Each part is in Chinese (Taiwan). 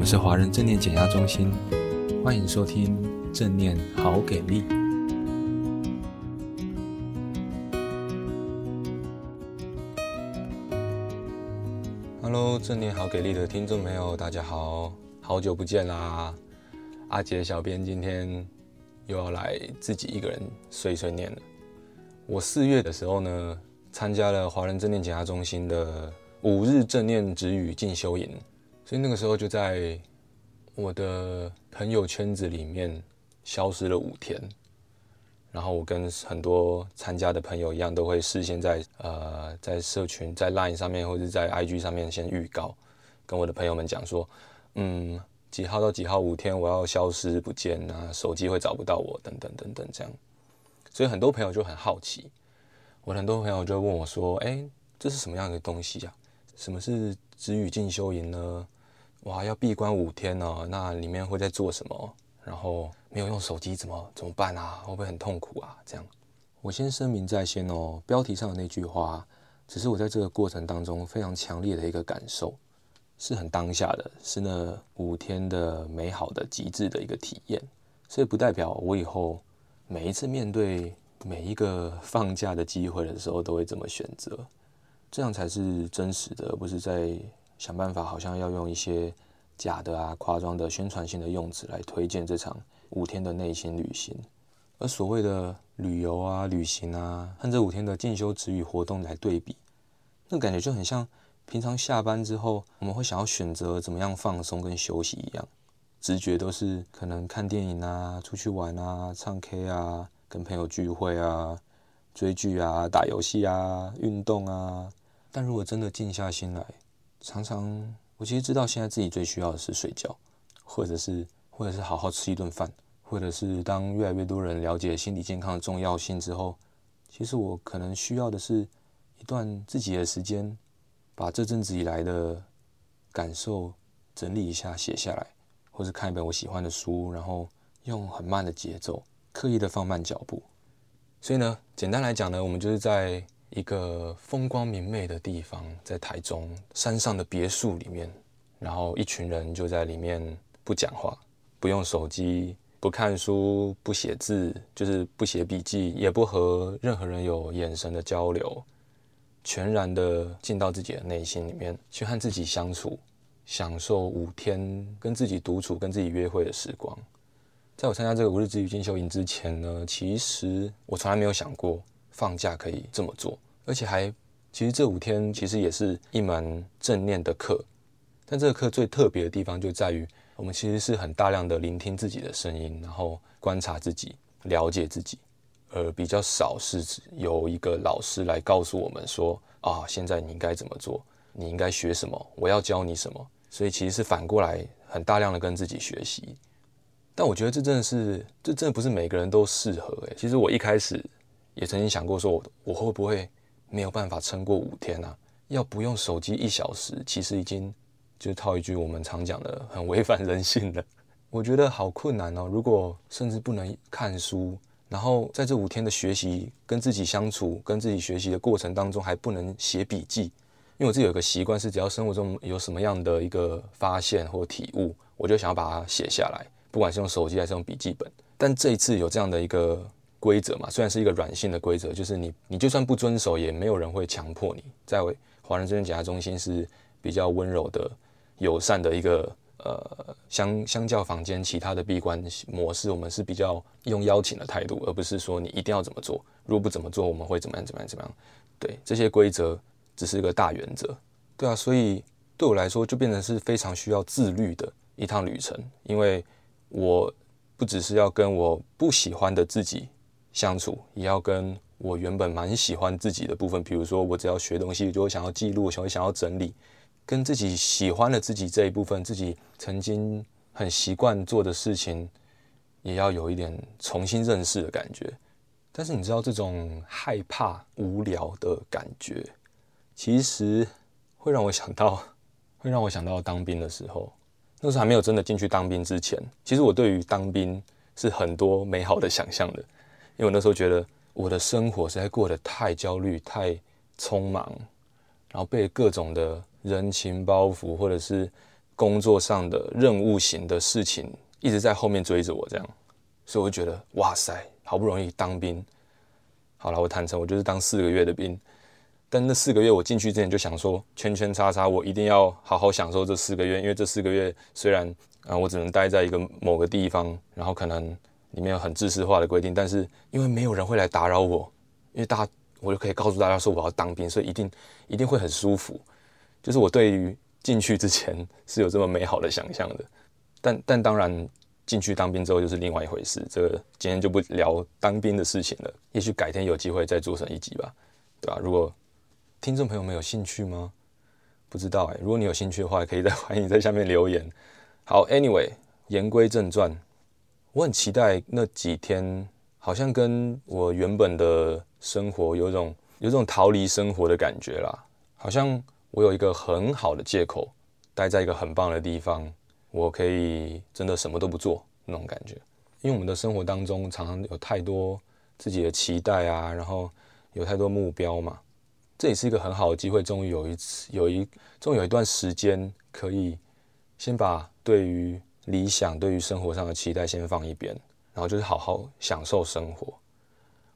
我們是華人正念減壓中心，歡迎收聽正念好給力。Hello，正念好給力的聽眾朋友，大家好，好久不見啦！阿杰小編今天又要來自己一個人碎碎念了。我四月的時候呢，參加了華人正念減壓中心的五日正念止語靜修營。所以那個時候就在我的朋友圈子裡面消失了五天，然後我跟很多參加的朋友一樣，都會事先在呃，在社群，在 Line 上面或是在 IG 上面先預告，跟我的朋友們講說，嗯，幾號到幾號五天我要消失不見啊，手機會找不到我，等等等等這樣。所以很多朋友就很好奇，我很多朋友就問我說，哎、欸，這是什麼樣的東西呀、啊？什麼是？止語靜修營呢？哇，要閉關五天呢？啊，那裡面會在做什麼？然後沒有用手機怎麼怎麼辦啊？會不會很痛苦啊？這樣。我先聲明在先哦，標題上的那句話，只是我在這個過程當中非常強烈的一個感受，是很當下的，是那五天的美好的極致的一個體驗，所以不代表我以後每一次面對每一個放假的機會的時候都會這麼選擇。這樣才是真實的，而不是在想辦法，好像要用一些假的啊、誇張的、宣傳性的用詞來推薦這場五天的內心旅行。而所謂的旅遊啊、旅行啊，和這五天的靜修止語活動來對比，那感覺就很像平常下班之後，我們會想要選擇怎麼樣放鬆跟休息一樣。直覺都是可能看電影啊、出去玩啊、唱 K 啊、跟朋友聚會啊、追劇啊、打遊戲啊、運動啊。但如果真的靜下心來，常常我其實知道現在自己最需要的是睡覺，或者是或者是好好吃一頓飯，或者是當越來越多人了解心理健康的重要性之後，其實我可能需要的是一段自己的時間，把這陣子以來的感受整理一下寫下來，或是看一本我喜歡的書，然後用很慢的節奏，刻意的放慢腳步。所以呢，簡單來講呢，我們就是在。一個風光明媚的地方，在台中山上的別墅裡面，然後一群人就在裡面不講話，不用手機，不看書，不寫字，就是不寫筆記，也不和任何人有眼神的交流，全然的進到自己的內心裡面去和自己相處，享受五天跟自己獨處、跟自己約會的時光。在我參加這個五日止語靜修營之前呢，其實我從來沒有想過。放假可以這麼做，而且還其實這五天其實也是一門正念的課，但這個課最特別的地方就在於，我們其實是很大量的聆聽自己的聲音，然後觀察自己，了解自己，呃，比較少是指由一個老師來告訴我們說啊，現在你應該怎麼做，你應該學什麼，我要教你什麼，所以其實是反過來很大量的跟自己學習，但我覺得這真的是，這真的不是每個人都適合誒、欸，其實我一開始。也曾經想過說我，我會不會沒有辦法撐過五天啊？要不用手機一小時，其實已經就套一句我們常講的，很違反人性的。我覺得好困難哦。如果甚至不能看書，然後在這五天的學習、跟自己相處、跟自己學習的過程當中，還不能寫筆記，因為我自己有一個習慣，是只要生活中有什麼樣的一個發現或體悟，我就想要把它寫下來，不管是用手機還是用筆記本。但這一次有這樣的一個。規則嘛，雖然是一個軟性的規則，就是你你就算不遵守，也沒有人會強迫你。在華人正念減壓中心是比較溫柔的、友善的一個呃相相較坊間，其他的閉關模式，我們是比較用邀請的態度，而不是說你一定要怎麼做，如果不怎麼做，我們會怎麼樣、怎麼樣、怎麼樣？對，這些規則，只是一個大原則。對啊，所以對我來說，就變成是非常需要自律的一趟旅程，因為我不只是要跟我不喜歡的自己。相處也要跟我原本蠻喜歡自己的部分，比如說我只要學東西，我就會想要記錄，想要想要整理，跟自己喜歡的自己這一部分，自己曾經很習慣做的事情，也要有一點重新認識的感覺。但是你知道這種害怕無聊的感覺，其實會讓我想到，會讓我想到當兵的時候，那時候還沒有真的進去當兵之前，其實我對於當兵是很多美好的想象的。因為我那時候覺得我的生活實在過得太焦慮、太匆忙，然後被各種的人情包袱或者是工作上的任務型的事情一直在後面追着我這樣，所以我就覺得哇塞，好不容易當兵，好了，我坦誠，我就是當四個月的兵，但那四個月我進去之前就想說圈圈叉叉，我一定要好好享受這四個月，因為這四個月雖然啊、呃，我只能待在一個某個地方，然後可能。裡面有很制式化的規定，但是因為沒有人會來打擾我，因為大家，我就可以告訴大家說我要當兵，所以一定一定會很舒服。就是我對於進去之前是有這麼美好的想象的，但但當然進去當兵之後就是另外一回事。這個今天就不聊當兵的事情了，也許改天有機會再做成一集吧，對吧、啊？如果聽眾朋友們有興趣嗎？不知道哎、欸，如果你有興趣的話，可以在歡迎在下面留言。好，Anyway，言歸正傳。我很期待那幾天，好像跟我原本的生活有種有種逃離生活的感覺啦，好像我有一個很好的借口，待在一個很棒的地方，我可以真的什麼都不做那種感覺。因為我們的生活當中常常有太多自己的期待啊，然後有太多目標嘛，這也是一個很好的機會，終於有一次有一終於有一段時間可以先把對於。理想對於生活上的期待先放一邊，然後就是好好享受生活。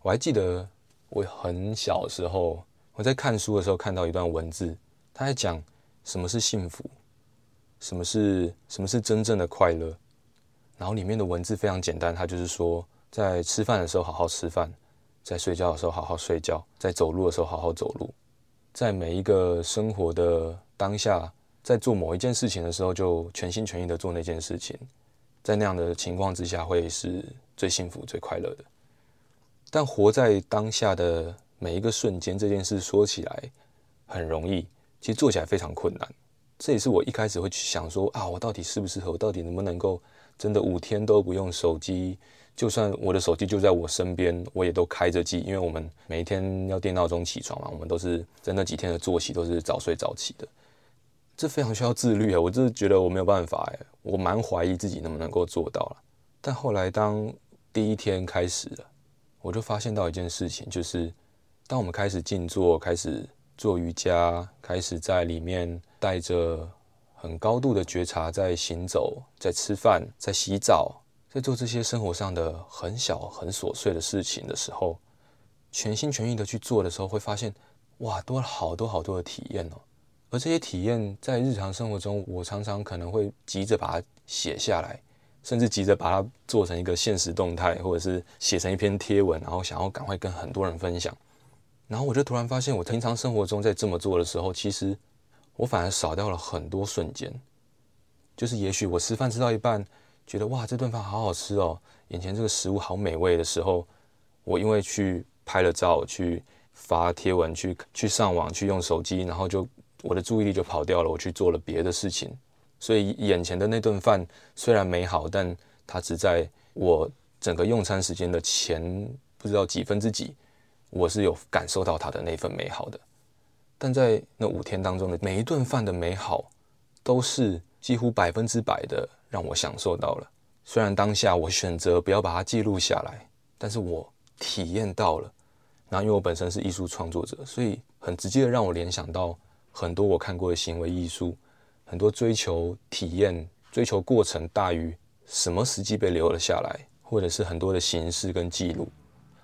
我還記得我很小的時候，我在看書的時候看到一段文字，它在講什麼是幸福，什麼是什麼是真正的快樂。然後裡面的文字非常簡單，它就是說，在吃飯的時候好好吃飯，在睡覺的時候好好睡覺，在走路的時候好好走路，在每一個生活的當下，在做某一件事情的時候，就全心全意的做那件事情，在那樣的情況之下，會是最幸福、最快樂的。但活在當下的每一個瞬間，這件事說起來很容易，其實做起來非常困難。這也是我一開始會去想說啊，我到底適不適合？我到底能不能夠真的五天都不用手機？就算我的手機就在我身邊，我也都開着機，因為我們每天要定鬧鐘起床嘛，我們都是在那幾天的作息都是早睡早起的。這非常需要自律，我就覺得我沒有辦法，我蠻懷疑自己能不能夠做到。但後來當第一天開始了，我就發現到一件事情，就是當我們開始靜坐、開始做瑜伽、開始在裡面帶着很高度的覺察，在行走、在吃飯、在洗澡、在做這些生活上的很小很瑣碎的事情的時候，全心全意的去做的時候，會發現哇，多了好多好多的體驗哦。而這些體驗在日常生活中，我常常可能會急着把它寫下來，甚至急着把它做成一個限時動態，或者是寫成一篇貼文，然後想要趕快跟很多人分享。然後我就突然發現，我平常生活中在這麼做的時候，其實我反而少掉了很多瞬間。就是也許我吃飯吃到一半，覺得哇，這頓飯好好吃哦，眼前這個食物好美味的時候，我因為去拍了照，去發貼文，去去上網，去用手機，然後就。我的注意力就跑掉了，我去做了別的事情。所以眼前的那頓飯雖然美好，但它只在我整個用餐時間的前不知道幾分之幾，我是有感受到它的那份美好的。但在那五天當中的每一頓飯的美好，都是幾乎百分之百的讓我享受到了。雖然當下我選擇不要把它記錄下來，但是我體驗到了。然後因為我本身是藝術創作者，所以很直接的讓我聯想到。很多我看過的行為藝術，很多追求體驗、追求過程大於什麼實際被留了下來，或者是很多的形式跟記錄。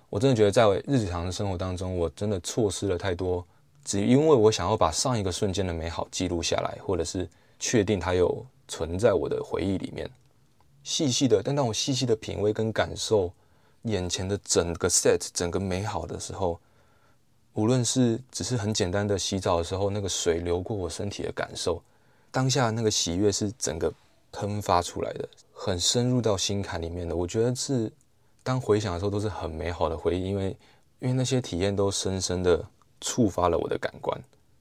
我真的覺得在日常的生活當中，我真的錯失了太多，只因為我想要把上一個瞬間的美好記錄下來，或者是確定它有存在我的回憶裡面。細細的，但當我細細的品味跟感受眼前的整個 set、整個美好的時候。無論是只是很簡單的洗澡的時候，那個水流過我身體的感受，當下那個喜悅是整個噴發出來的，很深入到心坎裡面的。我覺得是當回想的時候都是很美好的回憶，因為因為那些體驗都深深的觸發了我的感官。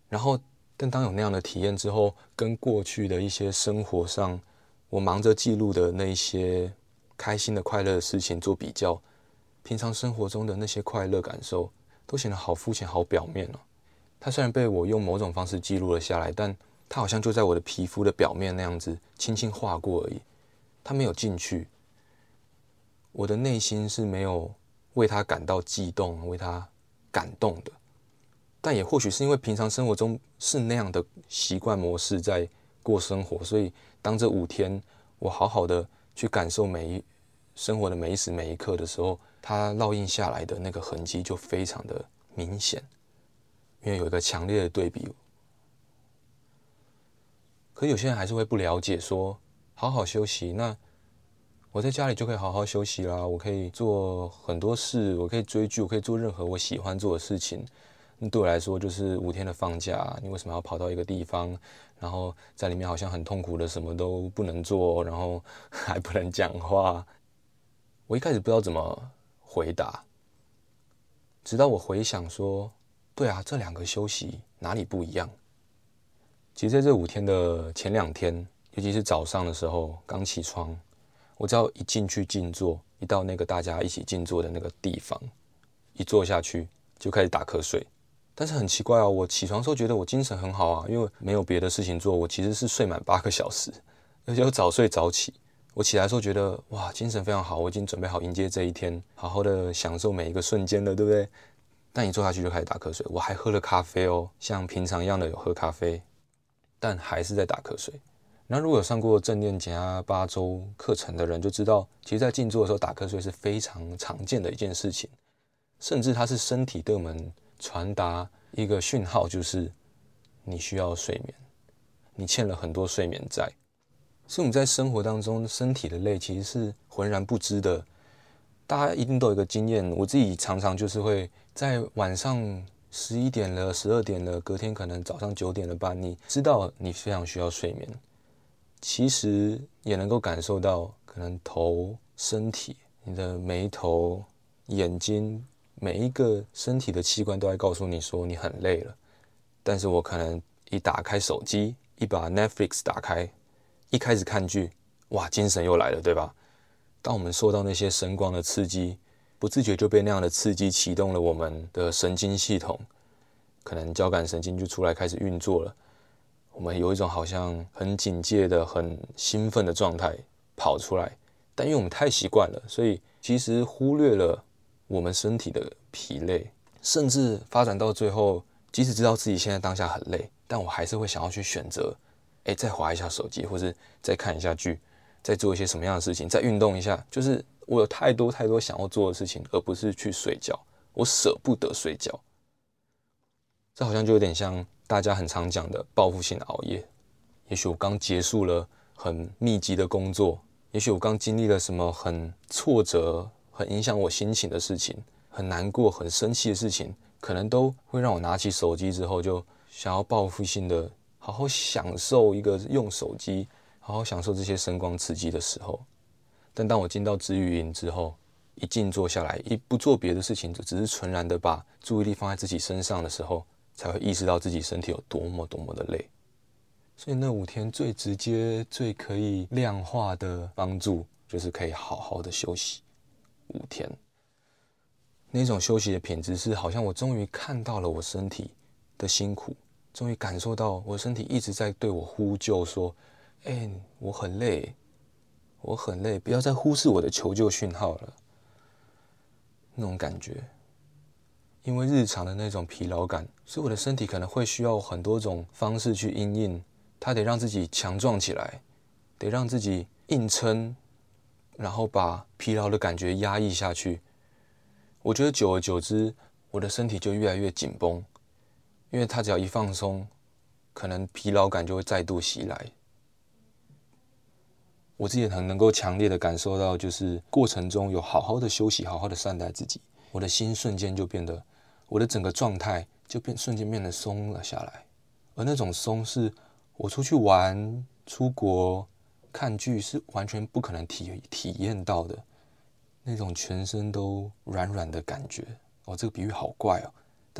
然後，但當有那樣的體驗之後，跟過去的一些生活上，我忙着記錄的那一些開心的快樂的事情做比較，平常生活中的那些快樂感受。都顯得好膚淺、好表面哦。它雖然被我用某種方式記錄了下來，但它好像就在我的皮膚的表面那樣子輕輕劃過而已，它沒有進去。我的內心是沒有為它感到激動、為它感動的。但也或許是因為平常生活中是那樣的習慣模式在過生活，所以當這五天我好好的去感受每一生活的每一時每一刻的時候。它烙印下來的那個痕跡就非常的明顯，因為有一個強烈的對比。可有些人還是會不了解，說好好休息，那我在家裡就可以好好休息啦，我可以做很多事，我可以追劇，我可以做任何我喜歡做的事情。那對我來說就是五天的放假，你為什麼要跑到一個地方，然後在裡面好像很痛苦的，什麼都不能做，然後還不能講話？我一開始不知道怎麼，回答。直到我回想說，對啊，這兩個休息哪裡不一樣？其實在這五天的前兩天，尤其是早上的時候，剛起床，我只要一進去靜坐，一到那個大家一起靜坐的那個地方，一坐下去就開始打瞌睡。但是很奇怪哦，我起床的時候覺得我精神很好啊，因為沒有別的事情做，我其實是睡滿八個小時，而且我早睡早起。我起來的時候覺得哇，精神非常好，我已經準備好迎接這一天，好好的享受每一個瞬間了，對不對？但一坐下去就開始打瞌睡，我還喝了咖啡哦，像平常一樣的有喝咖啡，但還是在打瞌睡。那如果有上過正念減壓八周課程的人就知道，其實，在靜坐的時候打瞌睡是非常常見的一件事情，甚至它是身體對我們傳達一個訊號，就是你需要睡眠，你欠了很多睡眠債。是我們在生活當中身體的累，其實是渾然不知的。大家一定都有一個經驗，我自己常常就是會在晚上十一點了、十二點了，隔天可能早上九點了吧，你知道你非常需要睡眠，其實也能夠感受到，可能頭、身體、你的眉頭、眼睛，每一個身體的器官都在告訴你說你很累了。但是我可能一打開手機，一把 Netflix 打開。一開始看劇，哇，精神又來了，對吧？當我們受到那些聲光的刺激，不自覺就被那樣的刺激啟動了我們的神經系統，可能交感神經就出來開始運作了。我們有一種好像很警戒的、很興奮的狀態跑出來，但因為我們太習慣了，所以其實忽略了我們身體的疲累，甚至發展到最後，即使知道自己現在當下很累，但我還是會想要去選擇。哎、欸，再滑一下手機，或是再看一下劇，再做一些什麼樣的事情，再運動一下。就是我有太多太多想要做的事情，而不是去睡覺。我捨不得睡覺，這好像就有點像大家很常講的報復性的熬夜。也許我剛結束了很密集的工作，也許我剛經歷了什麼很挫折、很影響我心情的事情，很難過、很生氣的事情，可能都會讓我拿起手機之後就想要報復性的。好好享受一個用手機，好好享受這些聲光刺激的時候。但當我進到止語營之後，一靜坐下來，一不做別的事情，就只是純然的把注意力放在自己身上的時候，才會意識到自己身體有多麼多麼的累。所以那五天最直接、最可以量化的幫助，就是可以好好的休息五天。那種休息的品質是，好像我終於看到了我身體的辛苦。終於感受到，我身體一直在對我呼救，說：“哎、欸，我很累，我很累，不要再忽視我的求救訊號了。”那種感覺，因為日常的那種疲勞感，所以我的身體可能會需要很多種方式去因應，它得讓自己強壯起來，得讓自己硬撐，然後把疲勞的感覺壓抑下去。我覺得久而久之，我的身體就越來越緊繃。因為他只要一放鬆，可能疲勞感就會再度襲來。我自己也很能夠強烈的感受到，就是過程中有好好的休息，好好的善待自己，我的心瞬間就變得，我的整個狀態就變瞬間變得鬆了下來。而那種鬆是，是我出去玩、出國、看劇是完全不可能體體驗到的，那種全身都軟軟的感覺。哦，這個比喻好怪哦。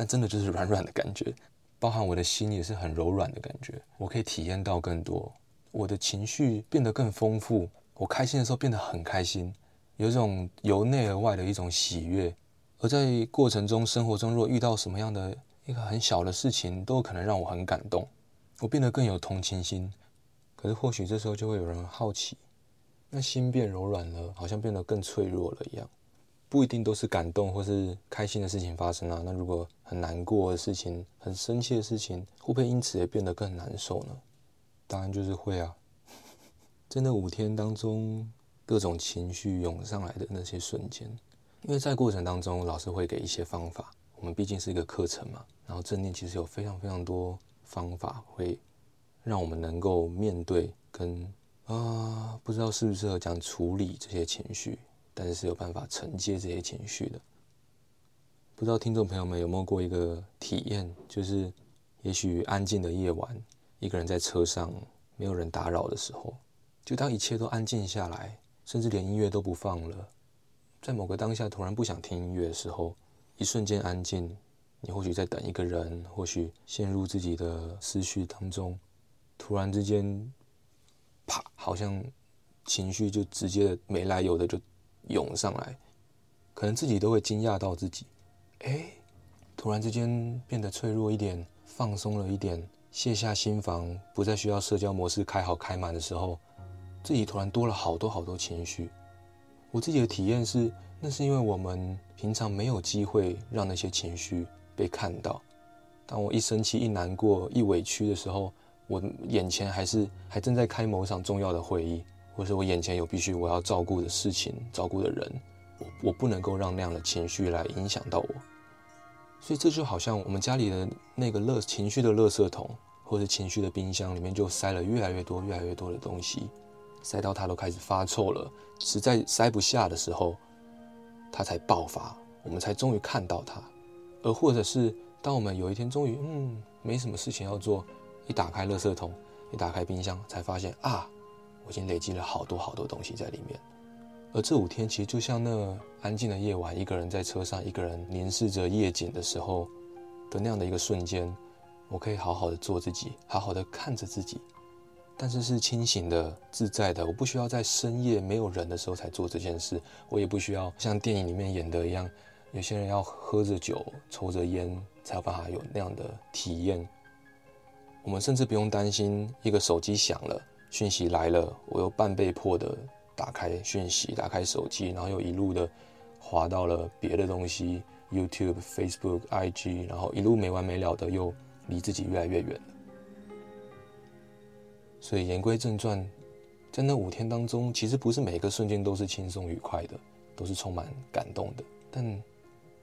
但真的就是軟軟的感覺，包含我的心也是很柔軟的感覺。我可以體驗到更多，我的情緒變得更豐富，我開心的時候變得很開心，有一種由內而外的一種喜悅。而在過程中，生活中如果遇到什麼樣的一個很小的事情，都可能讓我很感動，我變得更有同情心。可是或許這時候就會有人好奇，那心變柔軟了，好像變得更脆弱了一樣。不一定都是感動或是開心的事情發生啊。那如果很難過的事情，很生氣的事情，會不會因此也變得更難受呢？當然就是會啊。 在那五天當中，各種情緒湧上來的那些瞬間，因為在過程當中，老師會給一些方法。我們畢竟是一個課程嘛，然後正念其實有非常非常多方法，會讓我們能夠面對跟，啊，不知道適不適合講處理這些情緒。但是有辦法承接這些情緒的，不知道聽眾朋友們有沒有過一個體驗，就是也許安靜的夜晚，一個人在車上，沒有人打擾的時候，就當一切都安靜下來，甚至連音樂都不放了，在某個當下突然不想聽音樂的時候，一瞬間安靜，你或許在等一個人，或許陷入自己的思緒當中，突然之間，啪，好像情緒就直接的沒來由的就湧上來，可能自己都會驚訝到自己，哎，突然之間變得脆弱一點，放鬆了一點，卸下心防，不再需要社交模式開好開滿的時候，自己突然多了好多好多情緒。我自己的體驗是，那是因為我們平常沒有機會讓那些情緒被看到。當我一生氣、一難過、一委屈的時候，我眼前還是還正在開某場重要的會議。或是我眼前有必須我要照顧的事情、照顧的人，我我不能夠讓那樣的情緒來影響到我，所以這就好像我們家裡的那個樂情緒的垃圾桶，或是情緒的冰箱裡面就塞了越來越多、越來越多的東西，塞到它都開始發臭了，實在塞不下的時候，它才爆發，我們才終於看到它，而或者是當我們有一天終於，嗯，沒什麼事情要做，一打開垃圾桶，一打開冰箱，才發現啊。已經累積了好多好多東西在裡面，而這五天其實就像那安靜的夜晚，一個人在車上，一個人凝視着夜景的時候的那樣的一個瞬間，我可以好好的做自己，好好的看着自己，但是是清醒的、自在的。我不需要在深夜沒有人的時候才做這件事，我也不需要像電影裡面演的一樣，有些人要喝着酒、抽着煙才有辦法有那樣的體驗。我們甚至不用擔心一個手機響了。訊息來了，我又半被迫的打開訊息，打開手機，然後又一路的滑到了別的東西，YouTube、Facebook、IG，然後一路沒完沒了的又離自己越來越遠了。所以言歸正傳，在那五天當中，其實不是每個瞬間都是輕鬆愉快的，都是充滿感動的。但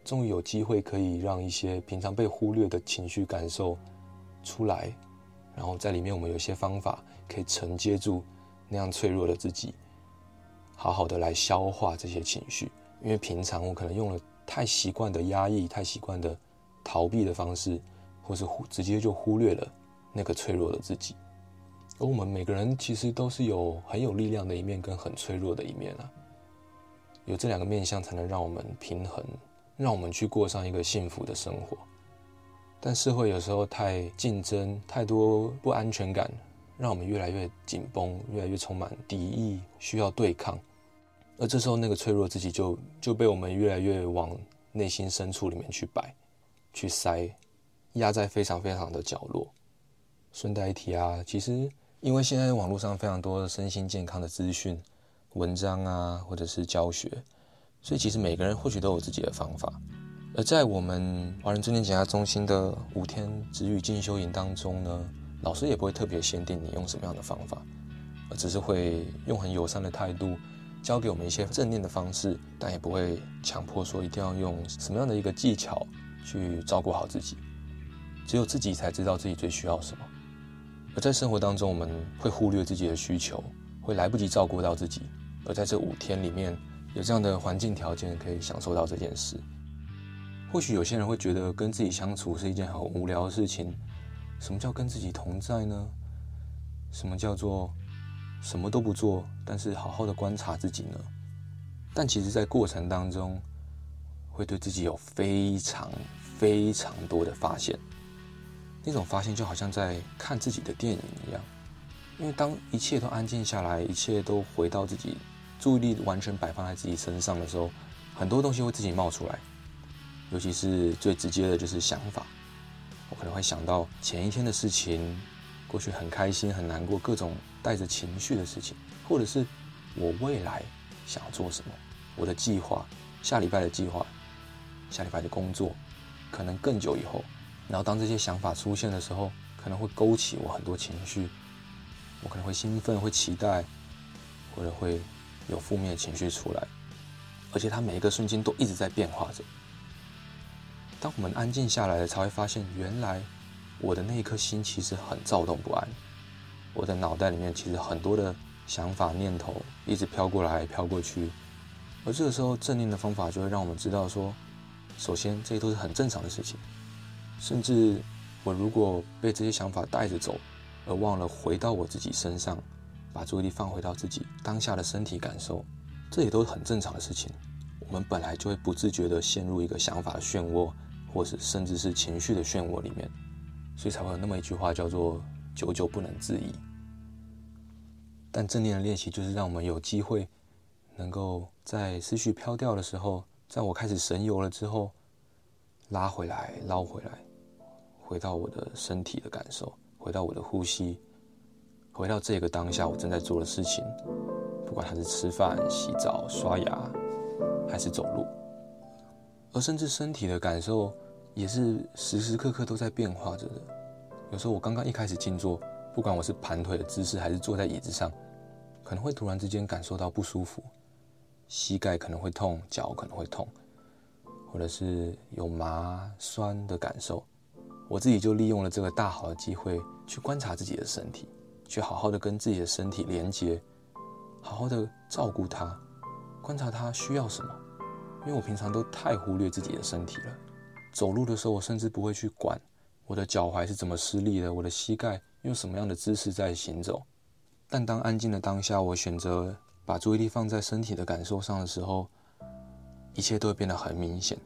終於有機會可以讓一些平常被忽略的情緒感受出來，然後在裡面我們有一些方法。可以承接住那樣脆弱的自己，好好的來消化這些情緒，因為平常我可能用了太習慣的壓抑、太習慣的逃避的方式，或是忽直接就忽略了那個脆弱的自己。而、哦、我們每個人其實都是有很有力量的一面跟很脆弱的一面啊，有這兩個面向才能讓我們平衡，讓我們去過上一個幸福的生活。但社會有時候太競爭，太多不安全感。讓我們越來越緊繃，越來越充滿敵意，需要對抗。而這時候，那個脆弱自己就就被我們越來越往內心深處裡面去擺、去塞、壓在非常非常的角落。順帶一提啊，其實因為現在網絡上非常多身心健康的資訊、文章啊，或者是教學，所以其實每個人或許都有自己的方法。而在我們華人正念減壓中心的五天止語靜修營當中呢，老師也不會特別限定你用什麼樣的方法，而只是會用很友善的態度教給我們一些正念的方式，但也不會強迫說一定要用什麼樣的一個技巧去照顧好自己。只有自己才知道自己最需要什麼。而在生活當中，我們會忽略自己的需求，會來不及照顧到自己。而在這五天裡面，有這樣的環境條件可以享受到這件事。或許有些人會覺得跟自己相處是一件很無聊的事情。什麼叫跟自己同在呢？什麼叫做什麼都不做，但是好好的觀察自己呢？但其實，在過程當中，會對自己有非常非常多的發現。那種發現就好像在看自己的電影一樣，因為當一切都安靜下來，一切都回到自己，注意力完全擺放在自己身上的時候，很多東西會自己冒出來，尤其是最直接的，就是想法。我可能會想到前一天的事情，過去很開心很難過，各種帶着情緒的事情，或者是我未來想要做什麼，我的計劃，下禮拜的計劃，下禮拜的工作，可能更久以後。然後當這些想法出現的時候，可能會勾起我很多情緒，我可能會興奮，會期待，或者會有負面的情緒出來。而且它每一個瞬間都一直在變化着。當我們安靜下來了，才會發現，原來我的那一顆心其實很躁動不安。我的腦袋裡面其實很多的想法念頭一直飄過來、飄過去，而這個時候，正念的方法就會讓我們知道說，首先這些都是很正常的事情。甚至我如果被這些想法帶着走，而忘了回到我自己身上，把注意力放回到自己當下的身體感受，這也都是很正常的事情。我們本來就會不自覺地陷入一個想法的漩渦。或是甚至是情緒的漩渦裡面，所以才會有那麼一句話叫做“久久不能自已”。但正念的練習就是讓我們有機會，能夠在思緒飄掉的時候，在我開始神遊了之後，拉回來、撈回來，回到我的身體的感受，回到我的呼吸，回到這個當下我正在做的事情，不管它是吃飯、洗澡、刷牙，還是走路。我甚至身體的感受也是時時刻刻都在變化着的。有時候我剛剛一開始靜坐，不管我是盤腿的姿勢還是坐在椅子上，可能會突然之間感受到不舒服，膝蓋可能會痛，腳可能會痛，或者是有麻酸的感受。我自己就利用了這個大好的機會，去觀察自己的身體，去好好的跟自己的身體連接，好好的照顧它，觀察它需要什麼。因為我平常都太忽略自己的身體了，走路的時候我甚至不會去管我的腳踝是怎麼施力的，我的膝蓋用什麼樣的姿勢在行走。但當安靜的當下，我選擇把注意力放在身體的感受上的時候，一切都會變得很明顯。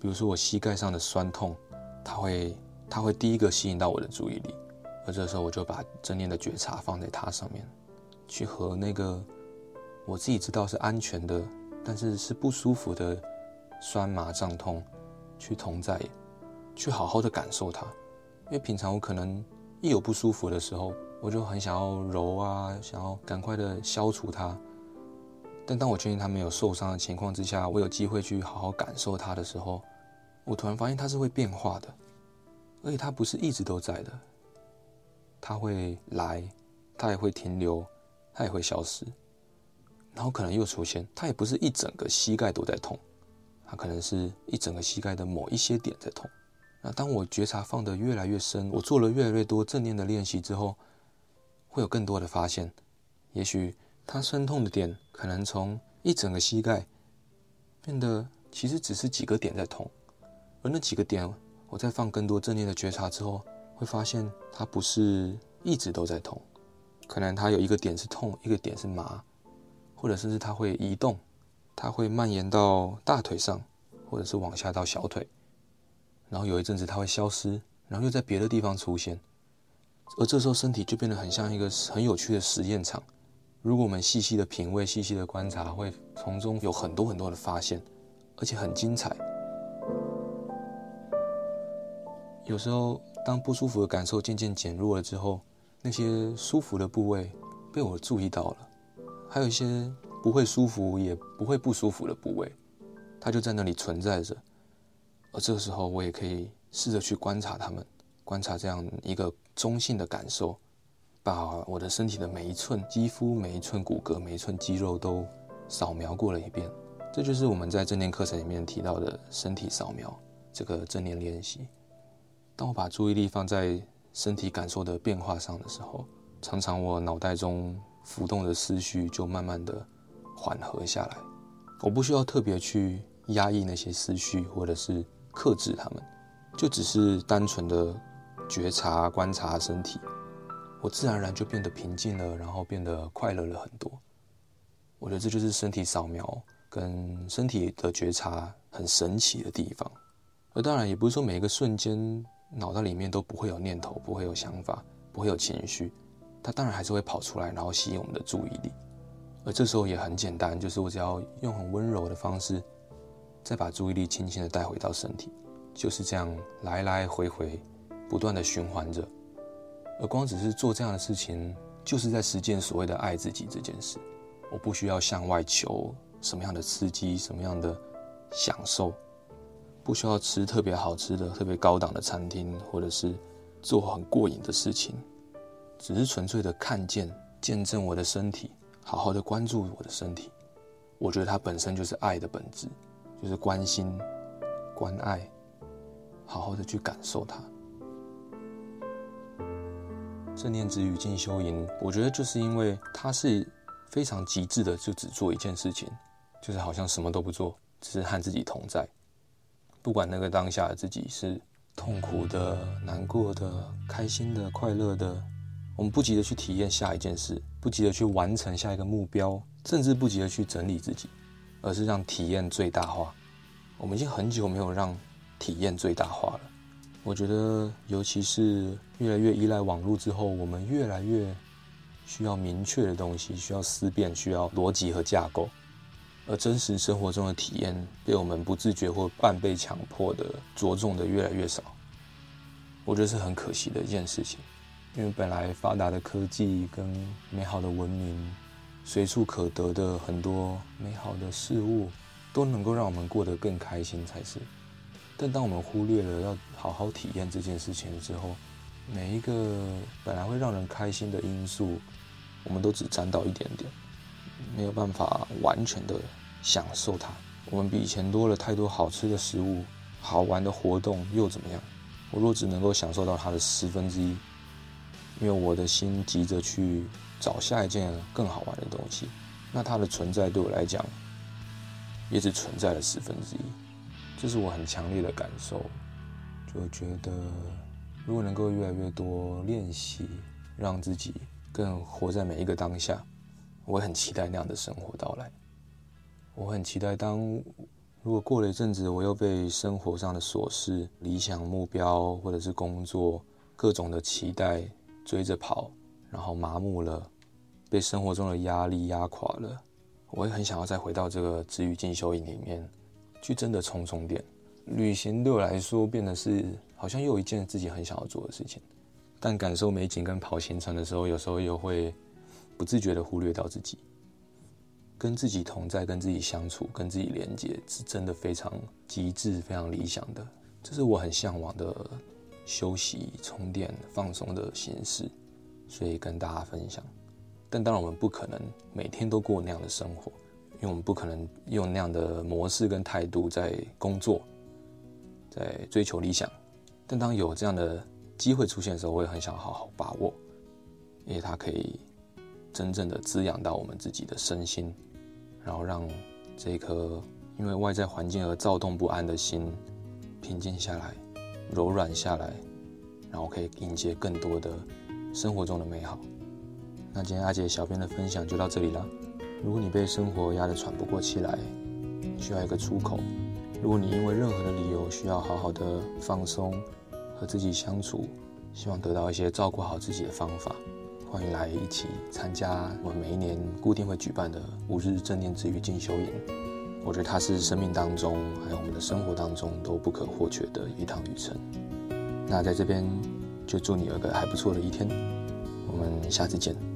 比如說我膝蓋上的酸痛，它會它會第一個吸引到我的注意力，而這時候我就把正念的覺察放在它上面，去和那個我自己知道是安全的。但是是不舒服的酸麻脹痛，去同在，去好好的感受它。因為平常我可能一有不舒服的時候，我就很想要揉啊，想要趕快的消除它。但當我確定它沒有受傷的情況之下，我有機會去好好感受它的時候，我突然發現它是會變化的，而且它不是一直都在的。它會來，它也會停留，它也會消失。然後可能又出現，它也不是一整個膝蓋都在痛，它可能是一整個膝蓋的某一些點在痛。那當我覺察放得越來越深，我做了越來越多正念的練習之後，會有更多的發現。也許它生痛的點，可能從一整個膝蓋變得其實只是幾個點在痛，而那幾個點，我再放更多正念的覺察之後，會發現它不是一直都在痛，可能它有一個點是痛，一個點是麻。或者甚至它會移動，它會蔓延到大腿上，或者是往下到小腿，然後有一陣子它會消失，然後又在別的地方出現，而這時候身體就變得很像一個很有趣的實驗場。如果我們細細的品味、細細的觀察，會從中有很多很多的發現，而且很精彩。有時候，當不舒服的感受漸漸減弱了之後，那些舒服的部位被我注意到了。還有一些不會舒服，也不會不舒服的部位，它就在那裡存在着。而這個時候，我也可以試着去觀察它們，觀察這樣一個中性的感受，把我的身體的每一寸肌膚、每一寸骨骼、每一寸肌肉都掃描過了一遍。這就是我們在正念課程裡面提到的身體掃描這個正念練習。當我把注意力放在身體感受的變化上的時候，常常我腦袋中，浮動的思緒就慢慢的緩和下來，我不需要特別去壓抑那些思緒或者是克制他們，就只是單純的覺察觀察身體，我自然而然就變得平靜了，然後變得快樂了很多。我覺得這就是身體掃描跟身體的覺察很神奇的地方。而當然也不是說每一個瞬間腦袋裡面都不會有念頭，不會有想法，不會有情緒。它當然還是會跑出來，然後吸引我們的注意力，而這時候也很簡單，就是我只要用很溫柔的方式，再把注意力輕輕地帶回到身體，就是這樣來來回回，不斷的循環着。而光只是做這樣的事情，就是在實踐所謂的愛自己這件事。我不需要向外求什麼樣的刺激，什麼樣的享受，不需要吃特別好吃的、特別高檔的餐廳，或者是做很過癮的事情。只是純粹的看見、見證我的身體，好好的關注我的身體。我覺得它本身就是愛的本質，就是關心、關愛，好好的去感受它。正念止語靜修營，我覺得就是因為它是非常極致的，就只做一件事情，就是好像什麼都不做，只是和自己同在。不管那個當下的自己是痛苦的、難過的、開心的、快樂的。我們不急着去體驗下一件事，不急着去完成下一個目標，甚至不急着去整理自己，而是讓體驗最大化。我們已經很久沒有讓體驗最大化了。我覺得，尤其是越來越依賴網絡之後，我們越來越需要明確的東西，需要思辨，需要邏輯和架構，而真實生活中的體驗被我們不自覺或半被強迫的着重的越來越少。我覺得是很可惜的一件事情。因為本來發達的科技跟美好的文明，隨處可得的很多美好的事物，都能夠讓我們過得更開心才是。但當我們忽略了要好好體驗這件事情之後，每一個本來會讓人開心的因素，我們都只沾到一點點，沒有辦法完全的享受它。我們比以前多了太多好吃的食物，好玩的活動，又怎麼樣？我若只能夠享受到它的十分之一。因為我的心急着去找下一件更好玩的東西，那它的存在對我來講，也只存在了十分之一。這是我很強烈的感受，就覺得如果能夠越來越多練習，讓自己更活在每一個當下，我很期待那樣的生活到來。我很期待當如果過了一陣子，我又被生活上的瑣事、理想目標或者是工作各種的期待。追着跑，然後麻木了，被生活中的壓力壓垮了。我也很想要再回到這個止語靜修營裡面，去真的充充電。旅行對我來說，變得是好像又有一件自己很想要做的事情。但感受美景跟跑行程的時候，有時候又會不自覺的忽略到自己，跟自己同在，跟自己相處，跟自己連接，是真的非常極致、非常理想的。這是我很向往的。休息、充電、放鬆的形式，所以跟大家分享。但當然，我們不可能每天都過那樣的生活，因為我們不可能用那樣的模式跟態度在工作，在追求理想。但當有這樣的機會出現的時候，我也很想好好把握，因為它可以真正的滋養到我們自己的身心，然後讓這一顆因為外在環境而躁動不安的心平靜下來。柔軟下來，然後可以迎接更多的生活中的美好。那今天阿杰小編的分享就到這裡了。如果你被生活壓得喘不過氣來，需要一個出口；如果你因為任何的理由需要好好的放鬆和自己相處，希望得到一些照顧好自己的方法，歡迎來一起參加我們每一年固定會舉辦的五日正念止語靜修營。我覺得它是生命當中，還有我們的生活當中都不可或缺的一趟旅程。那在這邊就祝你有一個還不錯的一天，我們下次見。